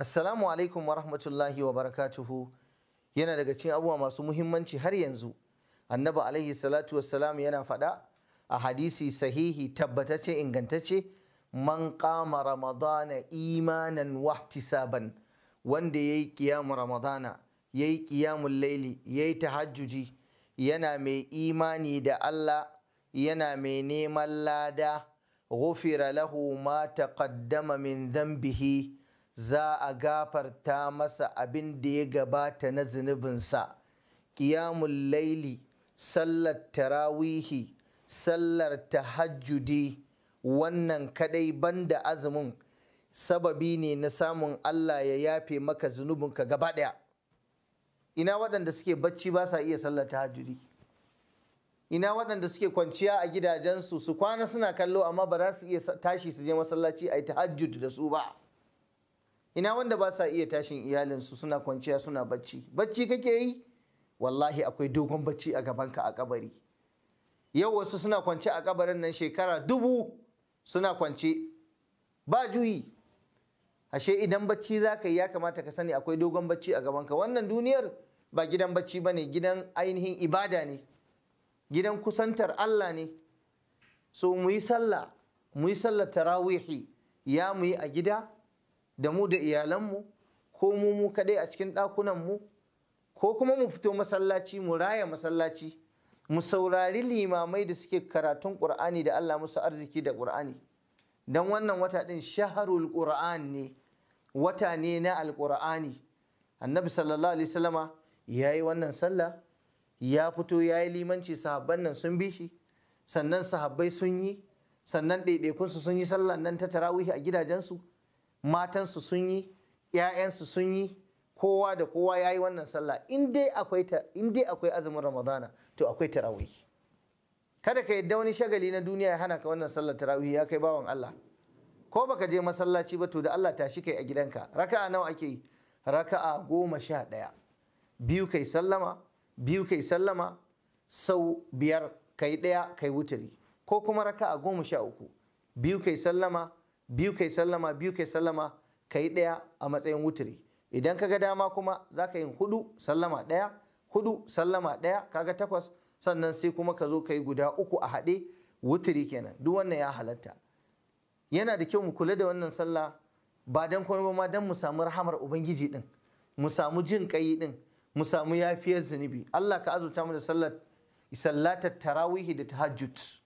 Assalamu alaikum wa rahmatullahi wa barakatuhu yana daga cikin abubuwa masu muhimmanci har yanzu. Annabi alaihi salatu wassalam yana faɗa a hadisi sahihi tabbatacce ingantacce man kama ramadana imanan wahtisaban wanda yayi ƙiyamu ramadana yayi kiyamun laili yayi tahajjuji yana mai imani da Allah yana mai neman lada ghufira lahu ma taqaddama min dhanbihi za a gafarta masa abin da ya gabata na zunubinsa ƙiyamun laili sallar tarawihi sallar tahajjudi wannan kadai banda azumin sababi ne na samun Allah ya yafe maka zunubinka gaba ɗaya ina waɗanda suke bacci ba sa iya sallar tahajjudi ina waɗanda suke kwanciya a gidajensu su kwana suna kallo amma ba za su iya tashi su je masallaci a yi da su ba ina wanda ba sa iya tashin iyalinsu suna kwanciya suna bacci bacci kake yi wallahi akwai dogon bacci a gabanka a kabari yau wasu suna kwance a kabarin nan shekara dubu suna kwance ba juyi ashe idan bacci za ka yi ya kamata ka sani akwai dogon bacci a gabanka wannan duniyar ba gidan bacci ba ne gidan ainihin ibada ne gidan kusantar Allah ne so mu yi sallah mu yi sallah tarawihi ya mu yi a gida da mu da iyalanmu ko mu mu kadai a cikin ɗakunanmu ko kuma mu fito masallaci mu raya masallaci mu saurari limamai da suke karatun ƙur'ani da Allah musu arziki da ƙur'ani don wannan wata ɗin shaharul ƙur'an ne wata ne na alƙur'ani annabi sallallahu alaihi wasallama ya yi wannan sallah ya fito ya yi limanci sahabban nan sun bi shi sannan sahabbai sun yi sannan ɗaiɗaikunsu sun yi sallah nan ta tarawihi a gidajensu matansu sun yi ‘ya'yansu sun yi kowa da kowa ya yi wannan sallah in dai akwai azumin ramadana to akwai tarawih kada ka yadda wani shagali na duniya ya hana ka wannan sallar tarawih ya kai bawan Allah ko baka je masallaci ba to da Allah tashi kai a gidanka raka'a nawa ake yi raka'a goma sha ɗaya biyu kai sallama biyu kai sallama sau biyar kai ɗaya kai wutari ko kuma raka'a goma sha uku biyu kai sallama biyu kai sallama biyu kai sallama kai ɗaya a matsayin wuturi idan ka ga dama kuma za ka yi hudu sallama ɗaya hudu sallama ɗaya kaga takwas sannan sai kuma ka zo ka yi guda uku a haɗe wuturi kenan duk wannan ya halatta yana da kyau mu kula da wannan sallah ba dan komai ba ma dan mu samu rahamar ubangiji din mu samu jin kai din mu samu yafiyar zunubi Allah ka azurta mu da sallar sallatar tarawihi da tahajjud